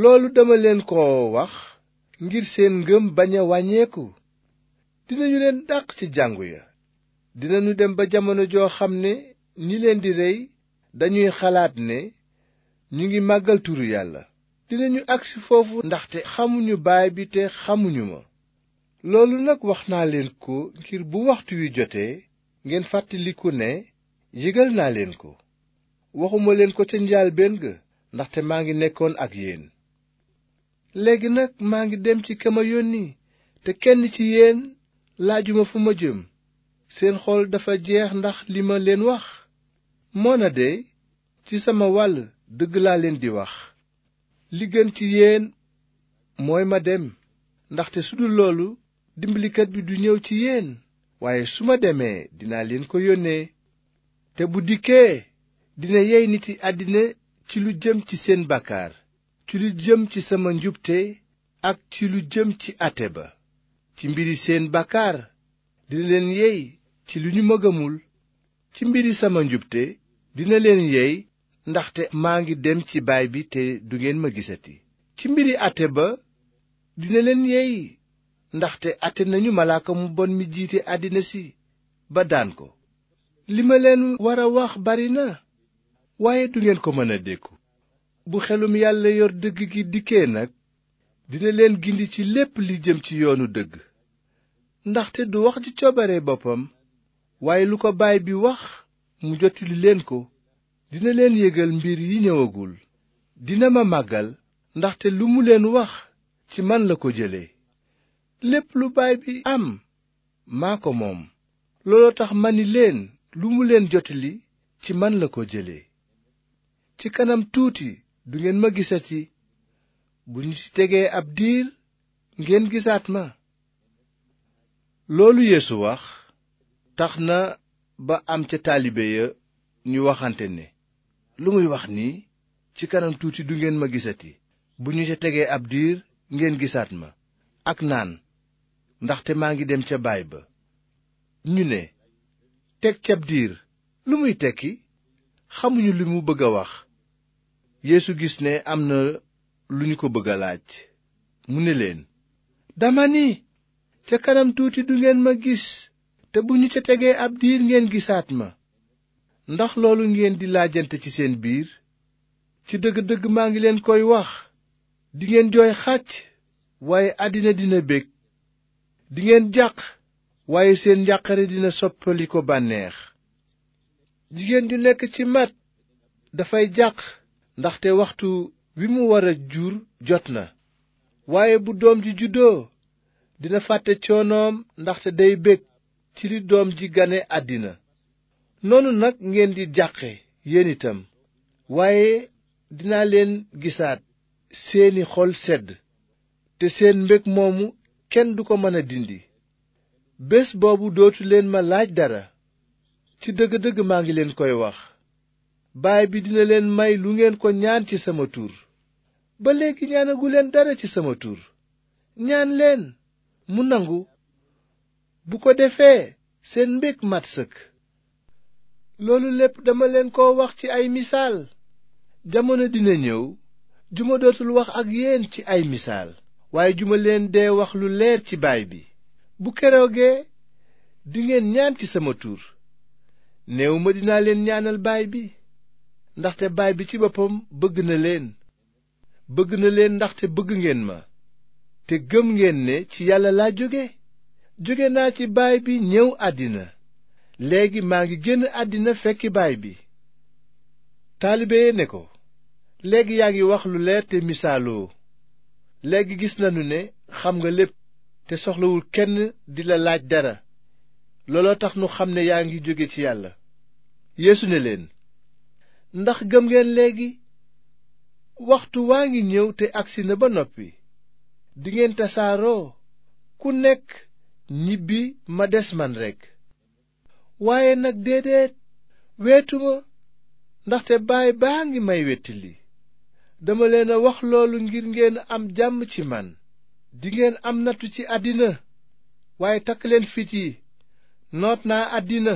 loolu dama leen ko wax ngir seen ngëm bañ a wàññeeku dinañu leen dàq ci jàngu ya dinañu dem ba jamono joo xam ne ñi leen di rey dañuy xalaat ne ñu ngi màggal turu yàlla dinañu agsi foofu ndaxte xamuñu baay bi te xamuñu ma loolu nag wax naa leen ko ngir bu waxtu wi jotee ngeen fàttaliku ne yëgal naa leen ko waxuma leen ko ca njaalbéen ga ndaxte maa ngi nekkoon ak yéen léegi nag maa ngi dem ci ka ma yónni te kenn ci yéen laajuma fu ma jëm seen xool dafa jeex ndax li ma leen wax na de ci sama wàll dëgg laa leen di wax li gën ci yéen mooy ma dem ndaxte su dul loolu dimbalikat bi du ñëw ci yéen waaye su ma demee dinaa leen ko yónnee te bu dikkee dina yey nit yi àddina ci lu jëm ci seen bàkkaar ci lu jëm ci sama njubte ak ci lu jëm ci àtte ba ci mbiri seen bàkkaar dina leen yey ci lu ñu ma ci mbir mbiri sama njubte dina leen yey ndaxte maa ngi dem ci baay bi te du ngeen ma gisati ci mbiri àtte ba dina leen yey ndaxte àtte nañu malaaka mu bon mi jiite àddina si ba daan ko li ma leen war a wax bari na waaye du ngeen ko mën a dékku bu xelum yàlla yor dëgg gi dikke nag dina leen gindi ci lépp li jëm ci yoonu dëgg ndaxte du wax ci coobare boppam waaye lu ko baay bi wax mu jottali leen ko dina leen yégal mbir yi ñëwagul dina ma màggal ndaxte lu mu leen wax ci man la ko jële lépp lu baay bi am maa ko moom looloo tax ma ni leen lu mu leen jottali ci man la ko jële ci kanam tuuti du ngeen ma gisati bu ñu ci tegee ab diir ngeen gisaat ma loolu yéesu wax tax na ba am ca taalibe ya ñu waxante ne lu muy wax nii ci kanam tuuti du ngeen ma gisati bu ñu ca tegee ab diir ngeen gisaat ma ak naan ndaxte maa ngi dem ca baay ba ñu ne teg cab diir lu muy tekki xamuñu li mu bëgg a wax yéesu gis ne am na lu ñu ko bëgg a laaj mu ne leen dama ni ca kanam tuuti du ngeen ma gis te bu ñu ca tegee ab diir ngeen gisaat ma ndax loolu ngeen di laajante ci seen biir ci dëgg-dëgg maa ngi leen koy wax dingeen jooy xàcc waaye àddina dina bég dingeen jàq waaye seen njàqare dina soppali ko bànneex jigéen ju lekk ci mat dafay jàq ndaxte waxtu wi mu war a jur jot na waaye bu doom ji juddoo dina fàtte coonoom ndaxte day bég ci li doom ji gane àddina noonu nag ngeen di jàqe yéen itam waaye dinaa leen gisaat seeni xol sedd te seen mbég moomu kenn du ko mën a dindi bés boobu dootu leen ma laaj dara ci dëgg-dëgg maa ngi leen koy wax baay bi dina leen may lu ngeen ko ñaan ci sama tur ba léegi leen dara ci sama tur ñaan leen mu nangu bu ko defee seen mbég mat sëkk loolu lépp dama leen ko wax ci ay misaal jamono dina ñëw ju ma dootul wax ak yéen ci ay misaal waaye ju ma leen dee wax lu leer ci baay bi bu keroogee dingeen ñaan ci sama tur néew dinaa leen ñaanal baay bi ndaxte baay bi ci boppam bëgg na leen bëgg na leen ndaxte bëgg ngeen ma te gëm ngeen ne ci yàlla laa jóge jóge naa ci baay bi ñëw àddina léegi maa ngi génn àddina fekki baay bi taalibe ne ko léegi yaa ngi wax lu leer te misaaloo léegi gis nañu ne xam nga lépp te soxlawul kenn di la laaj dara looloo tax nu xam ne yaa ngi jóge ci yàlla yeesu ne leen ndax gëm ngeen léegi waxtu waa ngi ñëw te agsi na ba noppi dingeen tasaaroo ku nekk ñibbi ma des man rekk waaye nag déedéet weetuma ndaxte baay baa ngi may wettili dama leen a wax loolu ngir ngeen am jàmm ci man dingeen am nattu ci àddina waaye takk leen fit yi noot naa àddina